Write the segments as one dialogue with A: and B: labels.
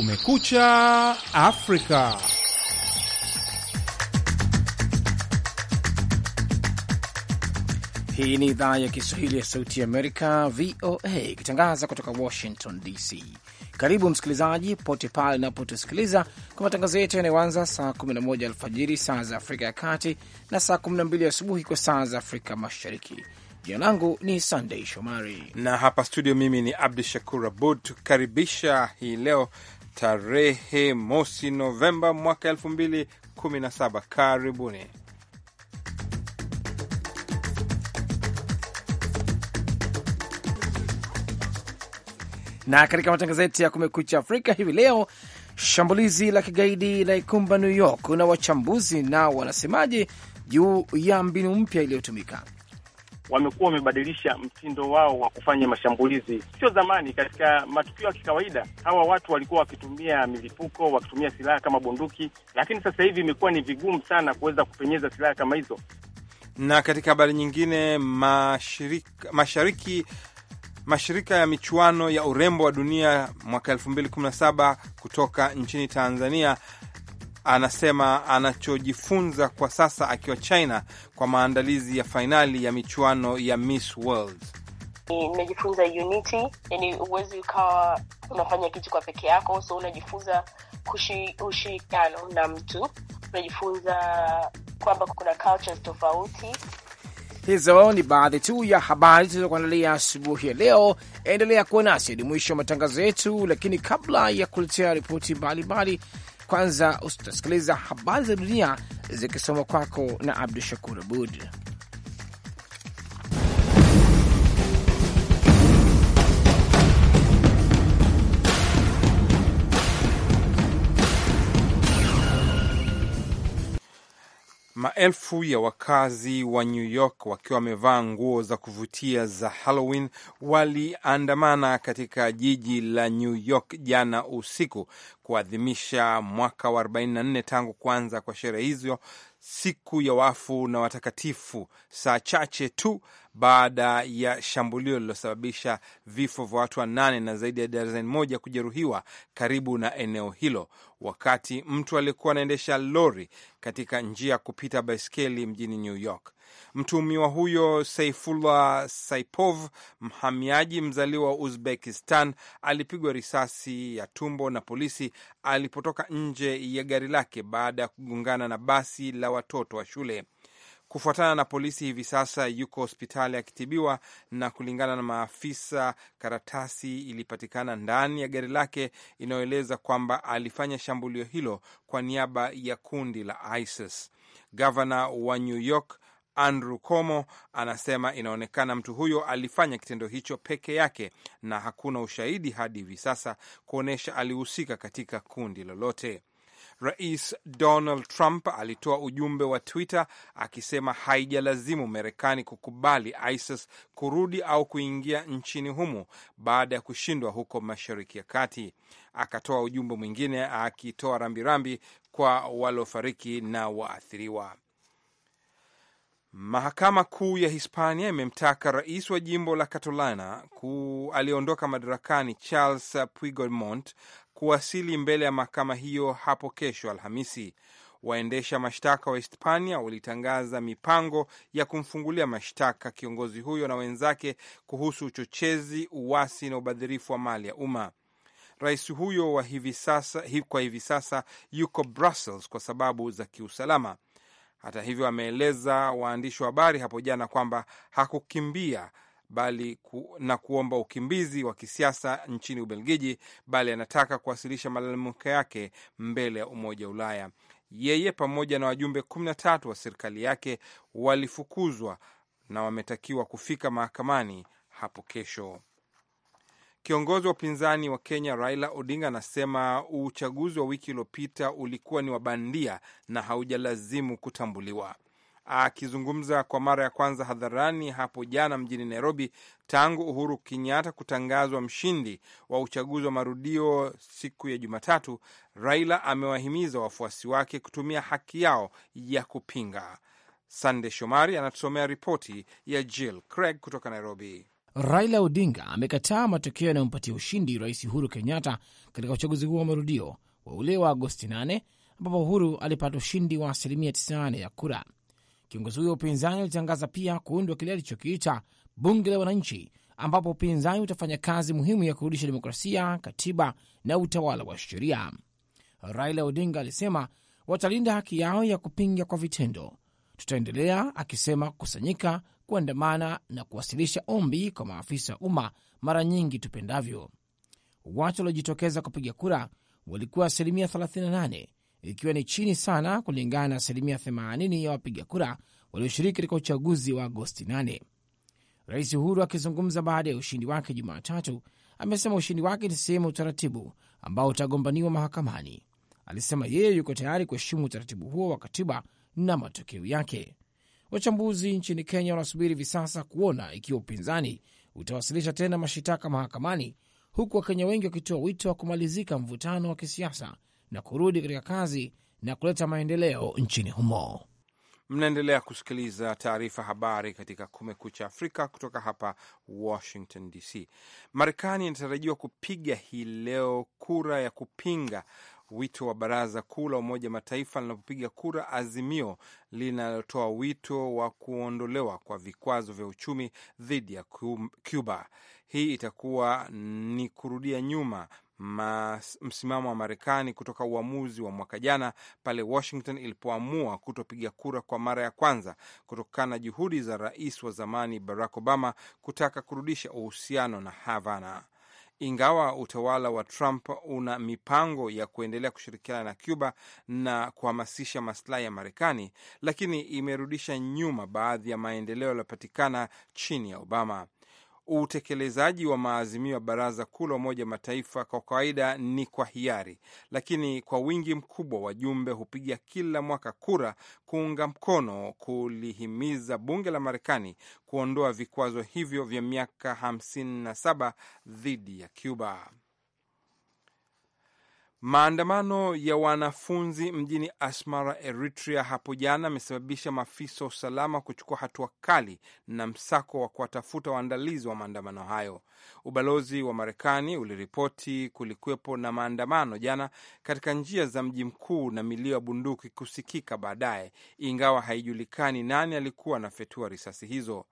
A: Kumekucha Afrika.
B: Hii ni idhaa ya Kiswahili ya Sauti ya Amerika, VOA, ikitangaza kutoka Washington DC. Karibu msikilizaji, popote pale unapotusikiliza kwa matangazo yetu yanayoanza saa 11 alfajiri saa za Afrika ya Kati na saa 12 asubuhi
A: kwa saa za Afrika Mashariki. Jina langu ni sandei Shomari na hapa studio, mimi ni Abdu Shakur Abud, tukaribisha hii leo tarehe mosi Novemba mwaka elfu mbili kumi na saba. Karibuni.
B: Na katika matangazo yetu ya Kumekucha Afrika hivi leo, shambulizi la kigaidi la ikumba New York na wachambuzi na wanasemaje juu ya mbinu mpya iliyotumika
C: wamekuwa wamebadilisha mtindo wao wa kufanya mashambulizi. Sio zamani, katika matukio ya kikawaida hawa watu walikuwa wakitumia milipuko, wakitumia silaha kama bunduki, lakini sasa hivi imekuwa ni vigumu sana kuweza kupenyeza silaha kama hizo.
A: Na katika habari nyingine, mashirika, mashariki mashirika ya michuano ya urembo wa dunia mwaka 2017 kutoka nchini Tanzania anasema anachojifunza kwa sasa akiwa China kwa maandalizi ya fainali ya michuano ya Miss World.
D: Nimejifunza unity, yani uwezi ukawa unafanya kitu kwa peke yako, so unajifunza ushirikiano na mtu, unajifunza kwamba kuna cultures tofauti.
B: Hizo ni baadhi tu ya habari tulizokuandalia asubuhi ya leo. Endelea kuwa nasi hadi mwisho wa matangazo yetu, lakini kabla ya kuletea ripoti mbalimbali kwanza utasikiliza habari za dunia zikisoma kwako na Abdu Shakur Abud.
A: Maelfu ya wakazi wa New York wakiwa wamevaa nguo za kuvutia za Halloween waliandamana katika jiji la New York jana usiku kuadhimisha mwaka wa 44 tangu kuanza kwa sherehe hizo, siku ya wafu na watakatifu, saa chache tu baada ya shambulio lililosababisha vifo vya watu wanane na zaidi ya darzeni moja kujeruhiwa karibu na eneo hilo, wakati mtu aliyekuwa anaendesha lori katika njia ya kupita baiskeli mjini New York. Mtuhumiwa huyo Saifullah Saipov, mhamiaji mzaliwa wa Uzbekistan, alipigwa risasi ya tumbo na polisi alipotoka nje ya gari lake baada ya kugongana na basi la watoto wa shule. Kufuatana na polisi, hivi sasa yuko hospitali akitibiwa, na kulingana na maafisa, karatasi ilipatikana ndani ya gari lake inayoeleza kwamba alifanya shambulio hilo kwa niaba ya kundi la ISIS. Gavana wa New York Andrew Cuomo anasema inaonekana mtu huyo alifanya kitendo hicho peke yake na hakuna ushahidi hadi hivi sasa kuonyesha alihusika katika kundi lolote. Rais Donald Trump alitoa ujumbe wa Twitter akisema haijalazimu Marekani kukubali ISIS kurudi au kuingia nchini humo baada ya kushindwa huko Mashariki ya Kati. Akatoa ujumbe mwingine akitoa rambirambi kwa waliofariki na waathiriwa. Mahakama Kuu ya Hispania imemtaka rais wa jimbo la Catalana aliyeondoka madarakani Charles Puigdemont kuwasili mbele ya mahakama hiyo hapo kesho Alhamisi. Waendesha mashtaka wa Hispania walitangaza mipango ya kumfungulia mashtaka kiongozi huyo na wenzake kuhusu uchochezi, uwasi na ubadhirifu wa mali ya umma. Rais huyo wa hivi sasa, kwa hivi sasa yuko Brussels kwa sababu za kiusalama. Hata hivyo, ameeleza waandishi wa habari hapo jana kwamba hakukimbia bali ku, na kuomba ukimbizi wa kisiasa nchini Ubelgiji, bali anataka kuwasilisha malalamiko yake mbele ya Umoja wa Ulaya. Yeye pamoja na wajumbe kumi na tatu wa serikali yake walifukuzwa na wametakiwa kufika mahakamani hapo kesho. Kiongozi wa upinzani wa Kenya Raila Odinga anasema uchaguzi wa wiki iliyopita ulikuwa ni wa bandia na haujalazimu kutambuliwa. Akizungumza kwa mara ya kwanza hadharani hapo jana mjini Nairobi tangu Uhuru Kenyatta kutangazwa mshindi wa uchaguzi wa marudio siku ya Jumatatu, Raila amewahimiza wafuasi wake kutumia haki yao ya kupinga. Sande Shomari anatusomea ripoti ya Jill Craig kutoka Nairobi.
B: Raila Odinga amekataa matokeo yanayompatia ushindi Rais Uhuru Kenyatta katika uchaguzi huo wa marudio wa ule wa Agosti 8 ambapo Uhuru alipata ushindi wa asilimia 98 ya kura. Kiongozi huyo wa upinzani alitangaza pia kuundwa kile alichokiita bunge la wananchi, ambapo upinzani utafanya kazi muhimu ya kurudisha demokrasia, katiba na utawala wa sheria. Raila Odinga alisema watalinda haki yao ya kupinga kwa vitendo. Tutaendelea, akisema, kukusanyika, kuandamana na kuwasilisha ombi kwa maafisa wa umma mara nyingi tupendavyo. Watu waliojitokeza kupiga kura walikuwa asilimia 38, ikiwa ni chini sana kulingana na asilimia 80 ya wapiga kura walioshiriki katika uchaguzi wa Agosti 8. Rais Uhuru akizungumza baada ya ushindi wake Jumatatu amesema ushindi wake ni sehemu ya utaratibu ambao utagombaniwa mahakamani. Alisema yeye yuko tayari kuheshimu utaratibu huo wa katiba na matokeo yake. Wachambuzi nchini Kenya wanasubiri hivi sasa kuona ikiwa upinzani utawasilisha tena mashitaka mahakamani, huku Wakenya wengi wakitoa wito wa kumalizika mvutano wa kisiasa na kurudi katika kazi na kuleta maendeleo
A: nchini humo. Mnaendelea kusikiliza taarifa habari katika Kumekucha Afrika kutoka hapa Washington DC. Marekani inatarajiwa kupiga hii leo kura ya kupinga wito wa Baraza Kuu la Umoja Mataifa linapopiga kura azimio linalotoa wito wa kuondolewa kwa vikwazo vya uchumi dhidi ya Cuba. Hii itakuwa ni kurudia nyuma Mas, msimamo wa Marekani kutoka uamuzi wa mwaka jana pale Washington ilipoamua kutopiga kura kwa mara ya kwanza kutokana na juhudi za rais wa zamani Barack Obama kutaka kurudisha uhusiano na Havana ingawa utawala wa Trump una mipango ya kuendelea kushirikiana na Cuba na kuhamasisha masilahi ya Marekani, lakini imerudisha nyuma baadhi ya maendeleo yaliyopatikana chini ya Obama utekelezaji wa maazimio ya Baraza Kuu la Umoja Mataifa kwa kawaida ni kwa hiari, lakini kwa wingi mkubwa wajumbe hupiga kila mwaka kura kuunga mkono kulihimiza bunge la Marekani kuondoa vikwazo hivyo vya miaka 57 dhidi ya Cuba. Maandamano ya wanafunzi mjini Asmara, Eritrea, hapo jana amesababisha maafisa wa usalama kuchukua hatua kali na msako wa kuwatafuta waandalizi wa maandamano hayo. Ubalozi wa Marekani uliripoti kulikuwepo na maandamano jana katika njia za mji mkuu na milio ya bunduki kusikika baadaye, ingawa haijulikani nani alikuwa anafyatua risasi hizo.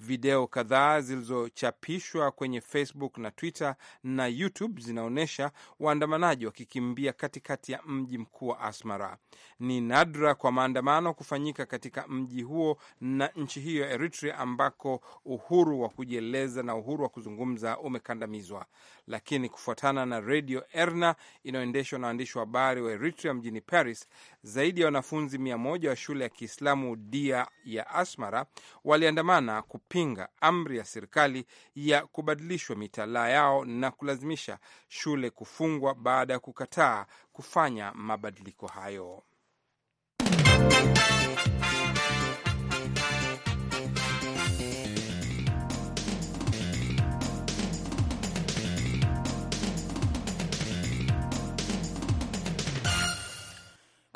A: Video kadhaa zilizochapishwa kwenye Facebook na Twitter na YouTube zinaonyesha waandamanaji wakikimbia katikati ya mji mkuu wa Asmara. Ni nadra kwa maandamano kufanyika katika mji huo na nchi hiyo ya Eritrea, ambako uhuru wa kujieleza na uhuru wa kuzungumza umekandamizwa. Lakini kufuatana na redio Erna inayoendeshwa na waandishi wa habari wa Eritrea mjini Paris, zaidi ya wanafunzi mia moja wa shule ya Kiislamu Dia ya Asmara waliandamana kupinga amri ya serikali ya kubadilishwa mitalaa yao na kulazimisha shule kufungwa baada ya kukataa kufanya mabadiliko hayo.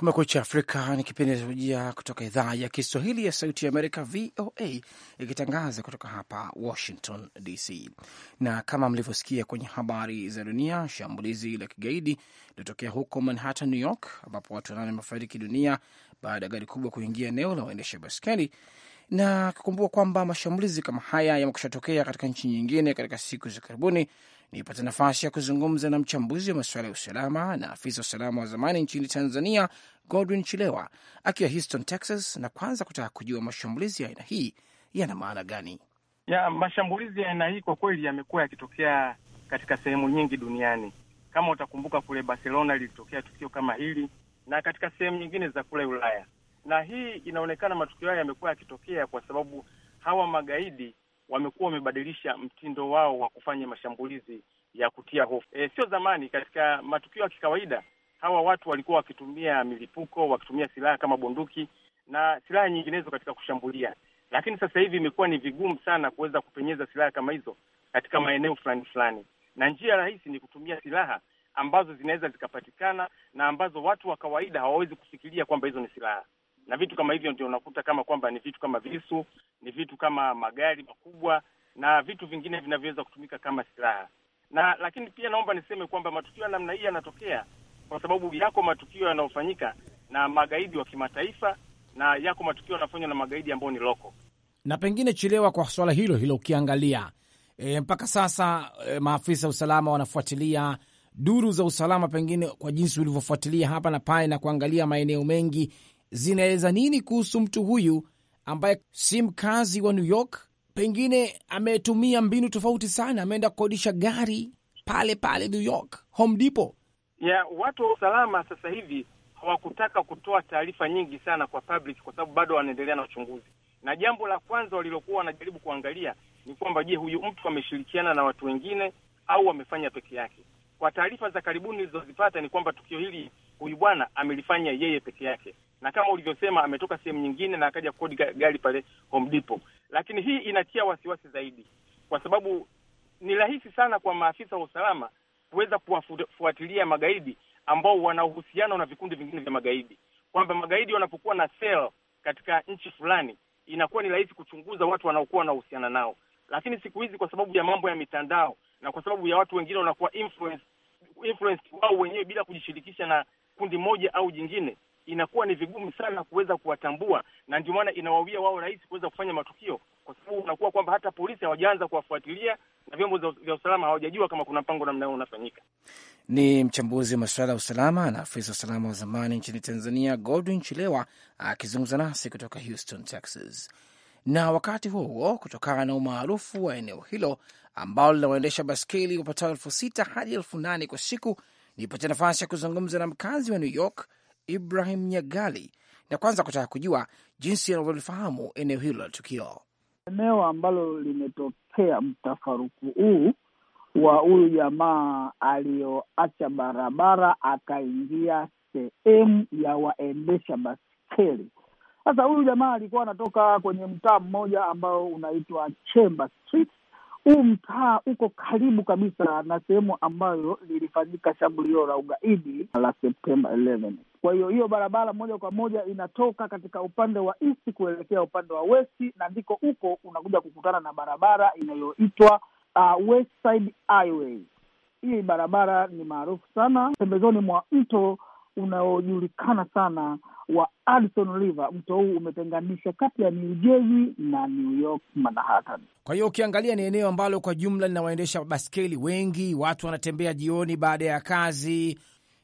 B: Kumekucha Afrika ni kipindi kinachokujia kutoka idhaa ya Kiswahili ya Sauti ya Amerika, VOA, ikitangaza kutoka hapa Washington DC. Na kama mlivyosikia kwenye habari za dunia, shambulizi la kigaidi lilitokea huko Manhattan, New York, ambapo watu wanane wamefariki dunia baada ya gari kubwa kuingia eneo la waendesha baskeli, na kukumbuka kwamba mashambulizi kama haya yamekushatokea katika nchi nyingine katika siku za karibuni, nilipata nafasi ya kuzungumza na mchambuzi wa masuala ya usalama na afisa wa usalama wa zamani nchini Tanzania, Godwin Chilewa akiwa Houston, Texas, na kwanza kutaka kujua mashambulizi ya aina hii yana maana gani?
C: Ya, mashambulizi ya aina hii kwa kweli yamekuwa yakitokea katika sehemu nyingi duniani. Kama utakumbuka kule Barcelona lilitokea tukio kama hili na katika sehemu nyingine za kule Ulaya, na hii inaonekana matukio haya yamekuwa yakitokea kwa sababu hawa magaidi wamekuwa wamebadilisha mtindo wao wa kufanya mashambulizi ya kutia hofu. E, sio zamani, katika matukio ya kikawaida hawa watu walikuwa wakitumia milipuko, wakitumia silaha kama bunduki na silaha nyinginezo katika kushambulia, lakini sasa hivi imekuwa ni vigumu sana kuweza kupenyeza silaha kama hizo katika maeneo fulani fulani, na njia rahisi ni kutumia silaha ambazo zinaweza zikapatikana na ambazo watu wa kawaida hawawezi kufikiria kwamba hizo ni silaha na vitu kama hivyo, ndio unakuta kama kwamba ni vitu kama visu, ni vitu kama magari makubwa na vitu vingine vinavyoweza kutumika kama silaha. Na lakini pia naomba niseme kwamba matukio ya namna hii yanatokea kwa sababu yako matukio yanayofanyika na magaidi wa kimataifa na yako matukio yanafanywa na magaidi ambao ni loko.
B: Na pengine Chilewa, kwa swala hilo hilo ukiangalia e, mpaka sasa e, maafisa usalama wanafuatilia duru za usalama, pengine kwa jinsi ulivyofuatilia hapa na pale na kuangalia maeneo mengi zinaeleza nini kuhusu mtu huyu ambaye si mkazi wa New York? Pengine ametumia mbinu tofauti sana, ameenda kukodisha gari pale pale New York Home Depot.
C: Yeah, watu wa usalama sasa hivi hawakutaka kutoa taarifa nyingi sana kwa public kwa sababu bado wanaendelea na uchunguzi, na jambo la kwanza walilokuwa wanajaribu kuangalia ni kwamba, je, huyu mtu ameshirikiana na watu wengine au amefanya peke yake? Kwa taarifa za karibuni zilizozipata ni kwamba tukio hili huyu bwana amelifanya yeye peke yake, na kama ulivyosema ametoka sehemu nyingine na akaja kukodi gari pale Home Depot. Lakini hii inatia wasiwasi zaidi, kwa sababu ni rahisi sana kwa maafisa wa usalama kuweza kuwafuatilia magaidi ambao wana uhusiano na vikundi vingine vya magaidi, kwamba magaidi wanapokuwa na sel katika nchi fulani, inakuwa ni rahisi kuchunguza watu wanaokuwa wanahusiana nao. Lakini siku hizi kwa sababu ya mambo ya mitandao na kwa sababu ya watu wengine wanakuwa influence, influence wao wenyewe bila kujishirikisha na kundi moja au jingine inakuwa ni vigumu sana kuweza kuwatambua, na ndio maana inawawia wao rahisi kuweza kufanya matukio, kwa sababu unakuwa kwamba hata polisi hawajaanza kuwafuatilia na vyombo vya usalama hawajajua kama kuna mpango namna hiyo unafanyika.
B: Ni mchambuzi wa masuala ya usalama na afisa wa usalama wa zamani nchini Tanzania, Godwin Chilewa akizungumza nasi kutoka Houston, Texas. Na wakati huo huo, kutokana na umaarufu wa eneo hilo ambalo linawaendesha baskeli wapatao elfu sita hadi elfu nane kwa siku, nipate nafasi ya kuzungumza na mkazi wa New York Ibrahim Nyagali, na kwanza kutaka kujua jinsi anavyolifahamu eneo hilo la tukio.
E: Eneo ambalo limetokea mtafaruku huu wa huyu jamaa aliyoacha barabara akaingia sehemu ya waendesha baskeli. Sasa huyu jamaa alikuwa anatoka kwenye mtaa mmoja ambao unaitwa Chemba Street huu mtaa uko karibu kabisa na sehemu ambayo lilifanyika shambulio la ugaidi la Septemba 11. Kwa hiyo hiyo barabara moja kwa moja inatoka katika upande wa east kuelekea upande wa westi, na ndiko huko unakuja kukutana na barabara
D: inayoitwa
E: uh, West Side Highway. Hii barabara ni maarufu sana pembezoni mwa mto unaojulikana sana wa Hudson River. Mto huu umetenganisha kati ya New Jersey na
B: New York Manhattan. Kwa hiyo ukiangalia, ni eneo ambalo kwa jumla linawaendesha baskeli wengi, watu wanatembea jioni baada ya kazi.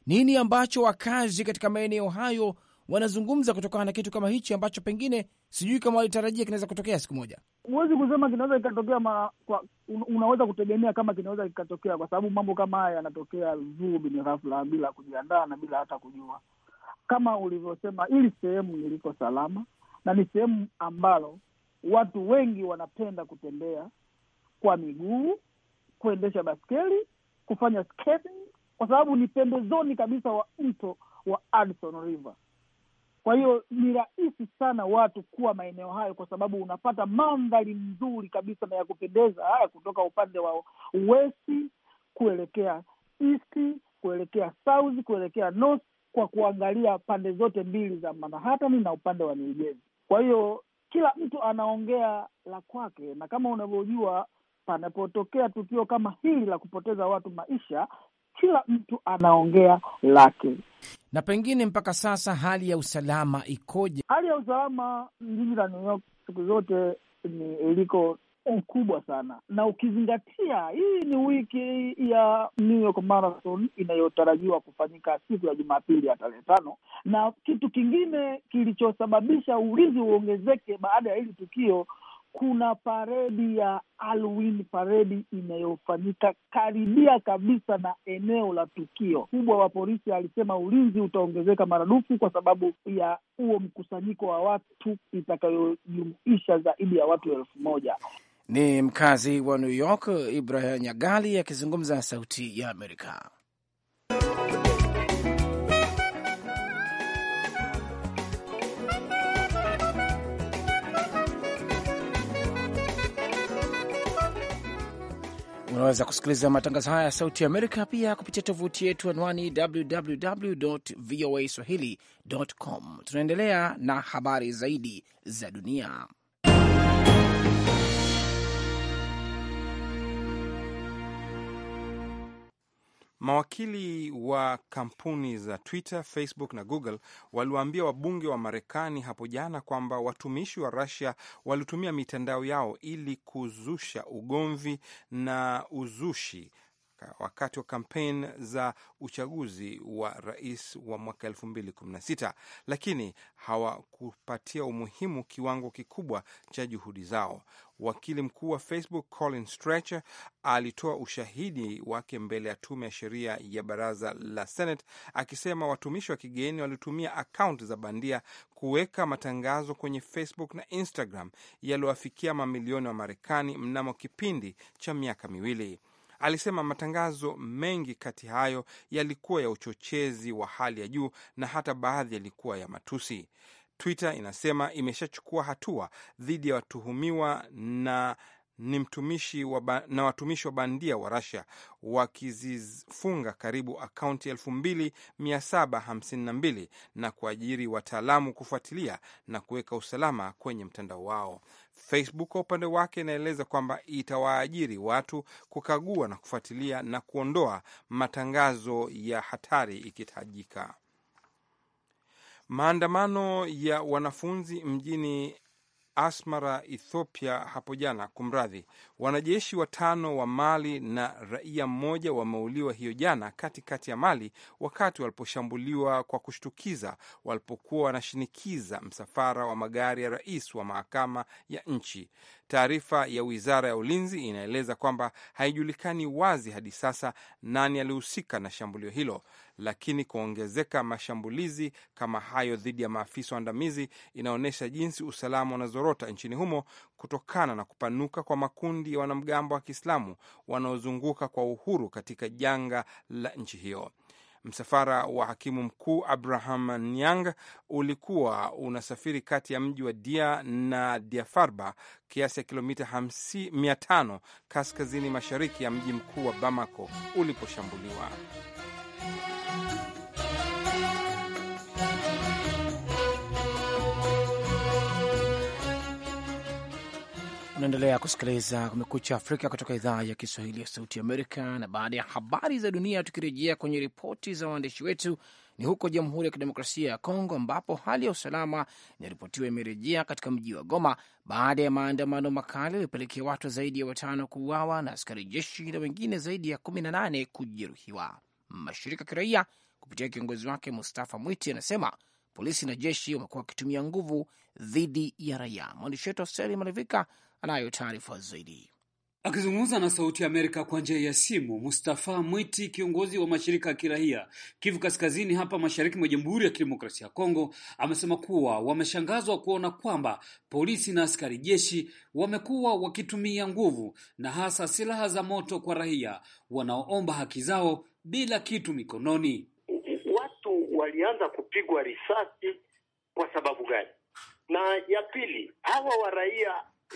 B: Nini ambacho wakazi katika maeneo hayo wanazungumza kutokana na kitu kama hichi ambacho pengine sijui kama walitarajia kinaweza kutokea siku moja.
E: Huwezi kusema kinaweza kikatokea unaweza kutegemea kama kinaweza kikatokea, kwa sababu mambo kama haya yanatokea zubi, ni ghafla, bila kujiandaa na bila hata kujua. Kama ulivyosema, hili sehemu niliko salama na ni sehemu ambalo watu wengi wanapenda kutembea kwa miguu, kuendesha baskeli, kufanya skating, kwa sababu ni pembezoni kabisa wa mto wa Hudson River kwa hiyo ni rahisi sana watu kuwa maeneo hayo, kwa sababu unapata mandhari nzuri kabisa na ya kupendeza haya kutoka upande wa wesi kuelekea isti kuelekea south kuelekea north, kwa kuangalia pande zote mbili za Manhattan na upande wa New Jersey. Kwa hiyo kila mtu anaongea la kwake, na kama unavyojua, panapotokea tukio kama hili la kupoteza watu maisha, kila mtu
B: anaongea lake. Na pengine mpaka sasa hali ya usalama ikoje? Hali ya usalama jiji la New York siku zote
E: ni iliko kubwa sana na ukizingatia hii ni wiki ya New York Marathon inayotarajiwa kufanyika siku ya Jumapili ya tarehe tano. Na kitu kingine kilichosababisha ulinzi uongezeke baada ya hili tukio kuna paredi ya Halloween, paredi inayofanyika karibia kabisa na eneo la tukio. Mkubwa wa polisi alisema ulinzi utaongezeka maradufu kwa sababu ya huo mkusanyiko wa watu itakayojumuisha zaidi
B: ya watu elfu moja. Ni mkazi wa New York Ibrahim Nyagali akizungumza na Sauti ya Amerika. Unaweza kusikiliza matangazo haya ya Sauti Amerika pia kupitia tovuti yetu anwani www voa swahili com. Tunaendelea na habari zaidi za dunia.
A: Mawakili wa kampuni za Twitter, Facebook na Google waliwaambia wabunge wa Marekani hapo jana kwamba watumishi wa Russia walitumia mitandao yao ili kuzusha ugomvi na uzushi wakati wa kampeni za uchaguzi wa rais wa mwaka sita lakini hawakupatia umuhimu kiwango kikubwa cha juhudi zao. Wakili mkuu wa Facebook Colin Stretcher alitoa ushahidi wake mbele ya tume ya sheria ya baraza la Senate akisema watumishi wa kigeni walitumia akaunti za bandia kuweka matangazo kwenye Facebook na Instagram yaliyowafikia mamilioni wa Marekani mnamo kipindi cha miaka miwili. Alisema matangazo mengi kati hayo yalikuwa ya uchochezi wa hali ya juu na hata baadhi yalikuwa ya matusi. Twitter inasema imeshachukua hatua dhidi ya watuhumiwa na ni mtumishi wa na watumishi wa bandia wa Russia wakizifunga karibu akaunti 2752 na kuajiri wataalamu kufuatilia na kuweka usalama kwenye mtandao wao. Facebook kwa upande wake inaeleza kwamba itawaajiri watu kukagua na kufuatilia na kuondoa matangazo ya hatari ikihitajika. Maandamano ya wanafunzi mjini Asmara, Ethiopia hapo jana. Kumradhi, wanajeshi watano wa Mali na raia mmoja wameuliwa hiyo jana katikati ya Mali wakati waliposhambuliwa kwa kushtukiza walipokuwa wanashinikiza msafara wa magari ya rais wa mahakama ya nchi. Taarifa ya wizara ya ulinzi inaeleza kwamba haijulikani wazi hadi sasa nani alihusika na shambulio hilo, lakini kuongezeka mashambulizi kama hayo dhidi ya maafisa waandamizi inaonyesha jinsi usalama unazorota nchini humo kutokana na kupanuka kwa makundi ya wanamgambo wa Kiislamu wanaozunguka kwa uhuru katika janga la nchi hiyo. Msafara wa hakimu mkuu Abraham Nyang ulikuwa unasafiri kati ya mji wa Dia na Diafarba, kiasi ya kilomita 500 kaskazini mashariki ya mji mkuu wa Bamako uliposhambuliwa.
B: Unaendelea kusikiliza Kumekucha Afrika kutoka idhaa ya Kiswahili ya Sauti Amerika. Na baada ya habari za dunia, tukirejea kwenye ripoti za waandishi wetu, ni huko Jamhuri ya Kidemokrasia ya Kongo ambapo hali ya usalama inaripotiwa imerejea katika mji wa Goma baada ya maandamano makali yaliyopelekea watu zaidi ya watano kuuawa na askari jeshi na wengine zaidi ya kumi na nane kujeruhiwa. Mashirika ya kiraia kupitia kiongozi wake Mustafa Mwiti anasema polisi na jeshi wamekuwa wakitumia nguvu dhidi ya raia. Mwandishi wetu Seli Malivika
F: anayo taarifa zaidi. Akizungumza na Sauti ya Amerika kwa njia ya simu, Mustafa Mwiti, kiongozi wa mashirika ya kiraia Kivu Kaskazini hapa mashariki mwa Jamhuri ya Kidemokrasia ya Kongo, amesema kuwa wameshangazwa kuona kwamba polisi na askari jeshi wamekuwa wakitumia nguvu na hasa silaha za moto kwa raia wanaoomba haki zao bila kitu mikononi.
C: Watu walianza kupigwa risasi kwa sababu gani? Na ya pili, hawa wa raia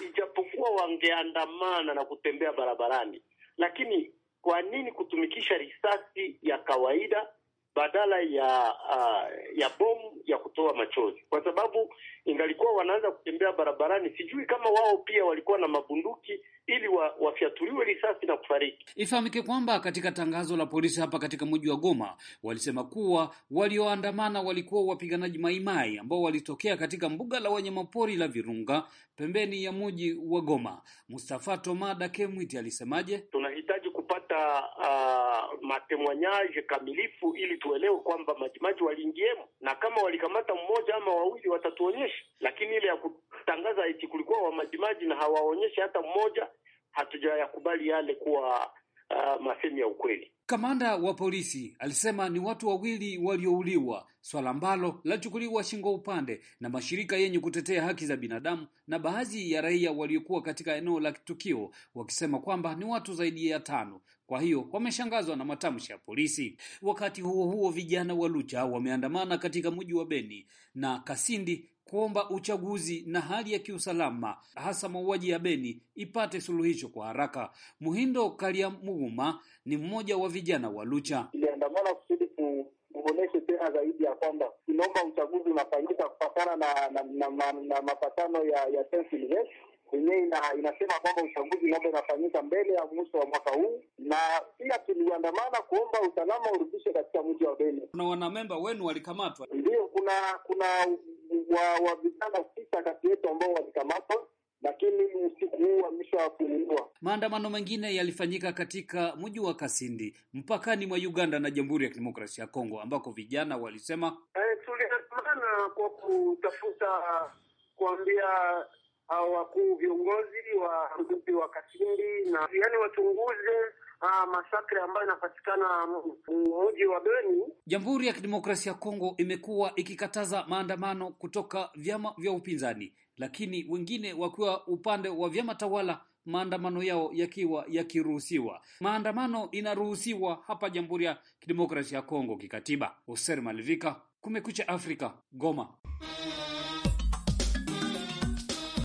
C: ijapokuwa wangeandamana na kutembea barabarani, lakini kwa nini kutumikisha risasi ya kawaida badala ya uh, ya bomu ya kutoa machozi, kwa sababu ingalikuwa wanaanza kutembea barabarani, sijui kama wao pia walikuwa na mabunduki ili wafyatuliwe risasi na kufariki.
F: Ifahamike kwamba katika tangazo la polisi hapa katika mji wa Goma walisema kuwa walioandamana walikuwa wapiganaji maimai ambao walitokea katika mbuga la wanyamapori la Virunga pembeni ya mji wa Goma. Mustafa Tomada Kemwiti alisemaje?
C: tunahitaji kupata uh, matemwanyaje kamilifu ili tuelewe kwamba majimaji waliingiemo, na kama walikamata mmoja ama wawili watatuonyesha, lakini ile ya kutangaza eti kulikuwa wa majimaji na hawaonyeshi hata mmoja, hatujayakubali yale kuwa uh, masemi ya ukweli.
F: Kamanda wa polisi alisema ni watu wawili waliouliwa, swala ambalo lachukuliwa shingo upande na mashirika yenye kutetea haki za binadamu na baadhi ya raia waliokuwa katika eneo la tukio, wakisema kwamba ni watu zaidi ya tano kwa hiyo wameshangazwa na matamshi ya polisi. Wakati huo huo, vijana wa Lucha wameandamana katika mji wa Beni na Kasindi kuomba uchaguzi na hali ya kiusalama hasa mauaji ya Beni ipate suluhisho kwa haraka. Muhindo muguma ni mmoja wa vijana wa Lucha.
C: Iliandamana kusudi kuoneshe tena zaidi ya kwamba inaomba uchaguzi unafanyika na, na, na, na, na, na mapatano ya ya yenyewe ina, inasema kwamba uchaguzi labda inafanyika mbele ya mwisho wa mwaka huu, na pia tuliandamana kuomba usalama urudishwe katika mji wa Beni.
F: Kuna wanamemba wenu walikamatwa? ndio
C: kuna kuna wa vijana sita kati yetu ambao walikamatwa lakini usiku huu ameshafunguliwa.
F: Maandamano mengine yalifanyika katika mji wa Kasindi mpakani mwa Uganda na Jamhuri ya Kidemokrasia ya Kongo, ambako vijana walisema
C: e, tuliandamana kwa kutafuta kuambia au wakuu viongozi wa mgupi wa Katindi na yani wachunguze Ah, masakre ambayo inapatikana mji wa Beni.
F: Jamhuri ya Kidemokrasia ya Kongo imekuwa ikikataza maandamano kutoka vyama vya upinzani, lakini wengine wakiwa upande wa vyama tawala, maandamano yao yakiwa yakiruhusiwa. Maandamano inaruhusiwa hapa Jamhuri ya Kidemokrasia ya Kongo kikatiba. Oser Malivika, Kumekucha Afrika, Goma.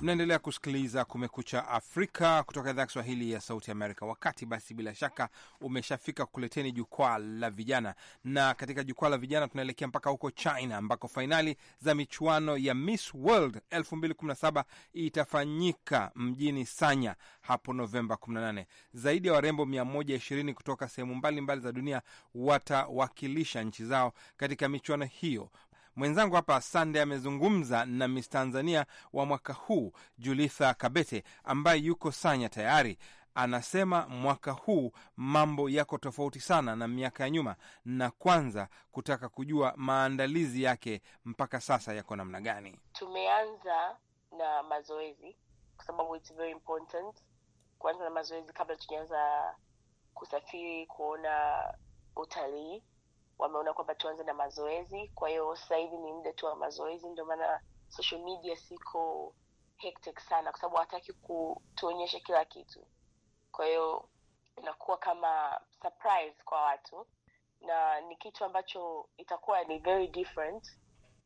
A: Mnaendelea kusikiliza Kumekucha Afrika kutoka idhaa ya Kiswahili ya Sauti Amerika. Wakati basi, bila shaka umeshafika kuleteni jukwaa la vijana, na katika jukwaa la vijana tunaelekea mpaka huko China ambako fainali za michuano ya Miss World 2017 itafanyika mjini Sanya hapo Novemba 18. Zaidi ya warembo 120 kutoka sehemu mbalimbali za dunia watawakilisha nchi zao katika michuano hiyo. Mwenzangu hapa Sande amezungumza na Miss Tanzania wa mwaka huu Julitha Kabete ambaye yuko Sanya tayari. Anasema mwaka huu mambo yako tofauti sana na miaka ya nyuma, na kwanza kutaka kujua maandalizi yake mpaka sasa yako namna gani.
D: Tumeanza na mazoezi kwa sababu it's very important kuanza na mazoezi kabla tujaanza kusafiri kuona utalii wameona kwamba tuanze na mazoezi. Kwa hiyo hivi ni muda tu wa mazoezi, ndio maana social media siko hectic sana, kwa sababu hawataki kutuonyesha kila kitu. Kwa hiyo inakuwa kama surprise kwa watu, na ni kitu ambacho itakuwa ni very different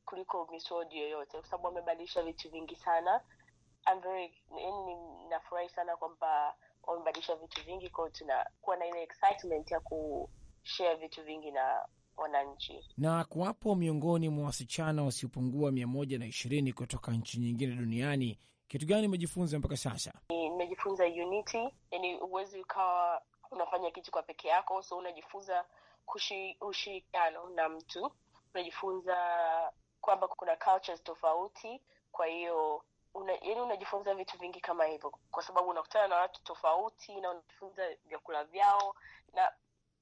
D: kuliko misodi yoyote, kwa sababu wamebadilisha vitu vingi sana. I'm very yani, nafurahi sana kwamba wamebadilisha vitu vingi kwao, tunakuwa na ile excitement ya ku vitu vingi na wananchi.
B: Na kuwapo miongoni mwa wasichana wasiopungua mia moja na ishirini kutoka nchi nyingine duniani, kitu gani umejifunza mpaka sasa?
D: Nimejifunza unity, yani uwezi ukawa unafanya kitu kwa peke yako, so unajifunza ushirikiano na mtu, unajifunza kwamba kuna cultures tofauti, kwa hiyo una, yani unajifunza vitu vingi kama hivyo, kwa sababu unakutana na watu tofauti na unajifunza vyakula vyao na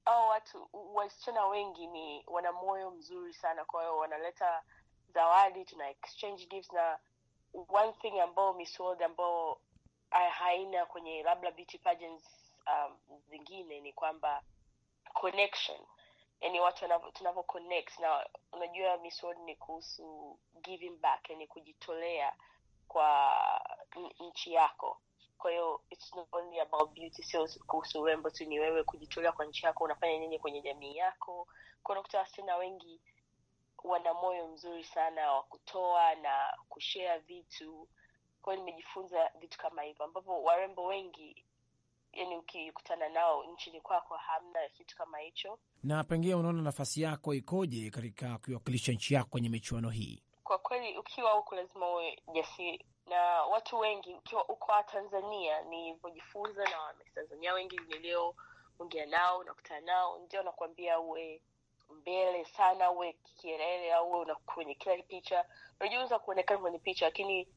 D: au watu wasichana wengi ni wana moyo mzuri sana, kwa hiyo wanaleta zawadi, tuna exchange gifts, na one thing ambao misold ambao haina kwenye labda beauty pageants um, zingine ni kwamba connection, yani watu tunavyo connect na unajua misold ni kuhusu giving back, yani kujitolea kwa nchi yako kwa hiyo it's not only about beauty, kuhusu urembo tu, ni wewe kujitolea kwa nchi yako, unafanya nini kwenye jamii yako. Kwa unakuta wasichana wengi wana moyo mzuri sana wa kutoa na kushea vitu. kwao nimejifunza vitu kama hivyo, ambapo warembo wengi yani ukikutana nao nchini kwako hamna kitu kama hicho.
B: Na pengine unaona nafasi yako ikoje katika kuiwakilisha nchi yako kwenye michuano hii?
D: Kwa kweli ukiwa huku lazima uwe jasiri na watu wengi ukiwa uko Tanzania nilivyojifunza na tanzania wengi nilioongea nao unakutana nao, ndio nakwambia uwe mbele sana, uwe kielele au uwe kwenye kila picha. Unajiweza kuonekana kwenye picha, lakini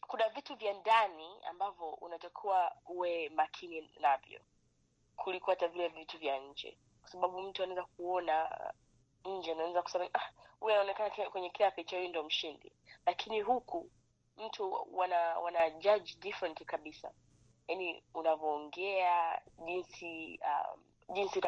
D: kuna vitu vya ndani ambavyo unatakiwa uwe makini navyo kuliko hata vile vitu vya nje, kwa sababu mtu anaweza kuona uh, nje, anaweza kusema ah, huyu anaonekana kwenye kila picha, huyu ndo mshindi, lakini huku mtu wana wana judge different kabisa yani unavyoongea jinsi um, jinsi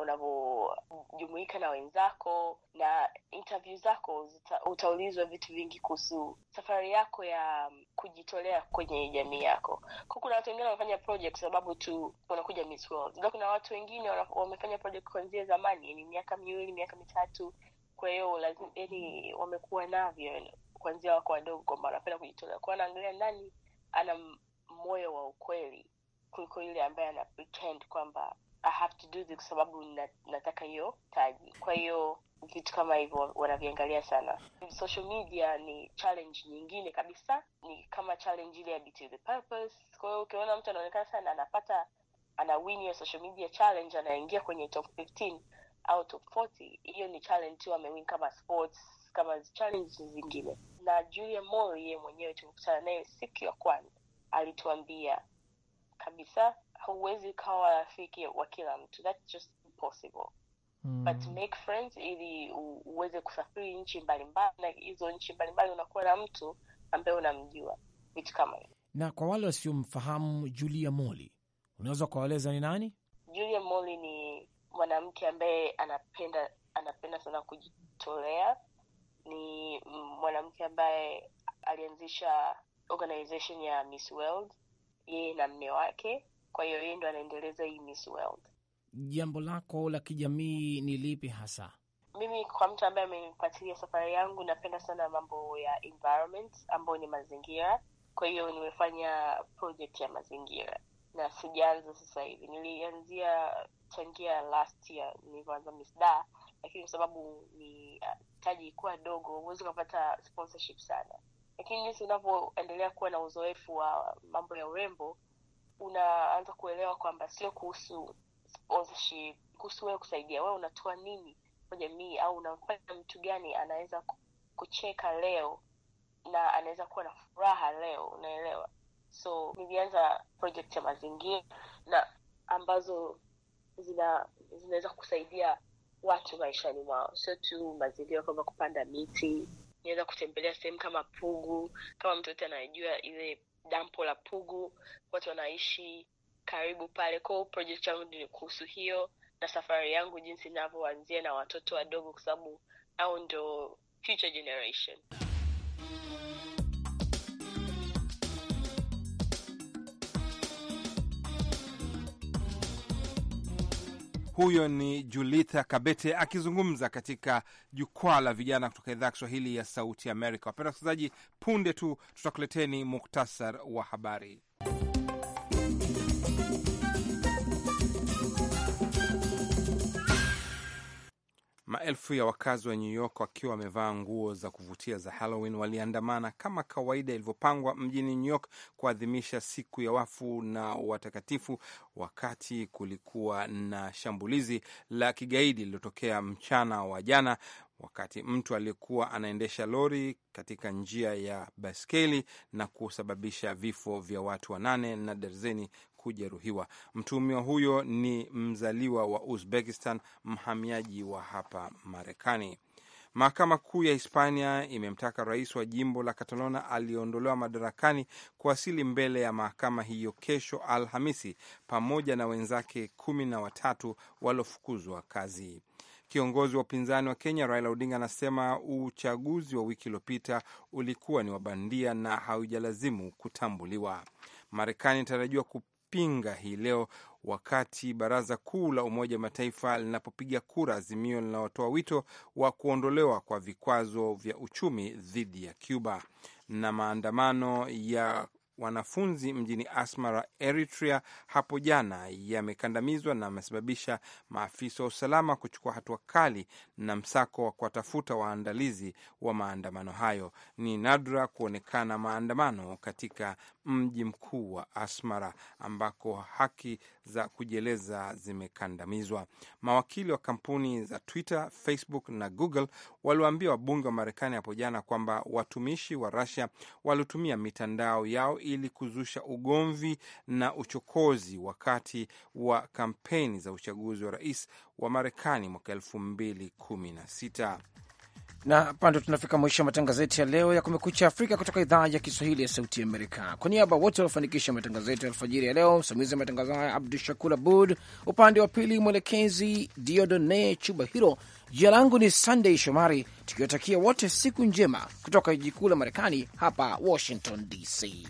D: unavyojumuika una na wenzako na interview zako zita, utaulizwa vitu vingi kuhusu safari yako ya um, kujitolea kwenye jamii yako kwa kuna watu wengine wamefanya project sababu tu wanakuja Miss World ila kuna watu wengine wamefanya project kuanzia zamani yani miaka miwili miaka mitatu kwa hiyo lazima yani wamekuwa navyo yaani kuanzia wako wadogo kwamba wanapenda kujitolea kwao, anaangalia nani ana moyo wa ukweli kuliko yule ambaye ana pretend kwamba I have to do this kwa sababu nataka hiyo taji. Kwa hiyo vitu kama hivyo wanaviangalia sana. Social media ni challenge nyingine kabisa, ni kama challenge ile ya Beat the Purpose. Kwa hiyo ukiona mtu anaonekana sana anapata ana win ya social media challenge, anaingia kwenye top 15 au top 40, hiyo ni challenge tu amewin kama sports kama challenge zingine. Na Julia Moi yeye mwenyewe tulikutana naye siku ya kwanza, alituambia kabisa, huwezi ukawa rafiki wa kila mtu, that's just impossible mm. but make friends ili uweze kusafiri nchi mbalimbali, na hizo nchi mbalimbali unakuwa na mtu ambaye unamjua, vitu kama hivyo.
B: Na kwa wale wasiomfahamu Julia Moli, unaweza kuwaeleza ni nani?
D: Julia Moli ni mwanamke ambaye anapenda anapenda sana kujitolea ni mwanamke ambaye alianzisha organization ya Miss World yeye na mme wake. Kwa hiyo yeye ndo anaendeleza hii Miss World.
B: Jambo lako la kijamii ni lipi hasa?
D: Mimi kwa mtu ambaye amenifuatilia safari yangu, napenda sana mambo ya environment ambayo ni mazingira. Kwa hiyo nimefanya project ya mazingira na sijaanza sasa hivi, nilianzia changia last year nilivyoanza misda lakini kwa sababu ni uh, taji kuwa dogo huwezi ukapata sponsorship sana lakini jinsi unavyoendelea kuwa na uzoefu wa mambo ya urembo unaanza kuelewa kwamba sio kuhusu sponsorship kuhusu wewe kusaidia wewe unatoa nini kwa jamii au unamfanya mtu gani anaweza kucheka leo na anaweza kuwa na furaha leo unaelewa so nilianza project ya mazingira na ambazo zina zinaweza kusaidia watu maishani mwao, sio tu mazingira, kwamba kupanda miti, niweza kutembelea sehemu kama Pugu, kama mtu yote anajua ile dampo la Pugu, watu wanaishi karibu pale. ko project yangu ni kuhusu hiyo na safari yangu jinsi inavyoanzia na watoto wadogo, kwa sababu au ndo future generation.
A: Huyo ni Julitha Kabete akizungumza katika jukwaa la vijana kutoka idhaa ya Kiswahili ya Sauti Amerika. Wapenda wasikilizaji, punde tu tutakuleteni muktasar wa habari. Maelfu ya wakazi wa New York wakiwa wamevaa nguo za kuvutia za Halloween waliandamana kama kawaida ilivyopangwa mjini New York kuadhimisha siku ya wafu na watakatifu, wakati kulikuwa na shambulizi la kigaidi lililotokea mchana wa jana, wakati mtu aliyekuwa anaendesha lori katika njia ya baskeli na kusababisha vifo vya watu wanane na darzeni kujeruhiwa. Mtuhumiwa huyo ni mzaliwa wa Uzbekistan, mhamiaji wa hapa Marekani. Mahakama Kuu ya Hispania imemtaka rais wa jimbo la Katalona aliyeondolewa madarakani kuwasili mbele ya mahakama hiyo kesho Alhamisi pamoja na wenzake kumi na watatu waliofukuzwa kazi. Kiongozi wa upinzani wa Kenya Raila Odinga anasema uchaguzi wa wiki iliyopita ulikuwa ni wa bandia na haujalazimu kutambuliwa. Marekani inatarajiwa kupinga hii leo wakati baraza kuu la Umoja wa Mataifa linapopiga kura azimio linalotoa wito wa kuondolewa kwa vikwazo vya uchumi dhidi ya Cuba. Na maandamano ya wanafunzi mjini Asmara, Eritrea, hapo jana yamekandamizwa na amesababisha maafisa wa usalama kuchukua hatua kali na msako wa kuwatafuta waandalizi wa maandamano hayo. Ni nadra kuonekana maandamano katika mji mkuu wa Asmara ambako haki za kujieleza zimekandamizwa. Mawakili wa kampuni za Twitter, Facebook na Google waliwaambia wabunge wa Marekani hapo jana kwamba watumishi wa rasia walitumia mitandao yao ili kuzusha ugomvi na uchokozi wakati wa kampeni za uchaguzi wa rais wa Marekani mwaka elfu mbili kumi na sita
B: na hapa ndo tunafika mwisho wa matangazo yetu ya leo ya Kumekucha Afrika kutoka idhaa ya Kiswahili ya Sauti Amerika. Kwa niaba wote waliofanikisha matangazo yetu ya alfajiri ya leo, msimamizi wa matangazo haya Abdu Shakur Abud, upande wa pili mwelekezi Diodone Chuba Hiro. Jina langu ni sandey Shomari, tukiwatakia wote siku njema kutoka jiji kuu la Marekani, hapa Washington DC.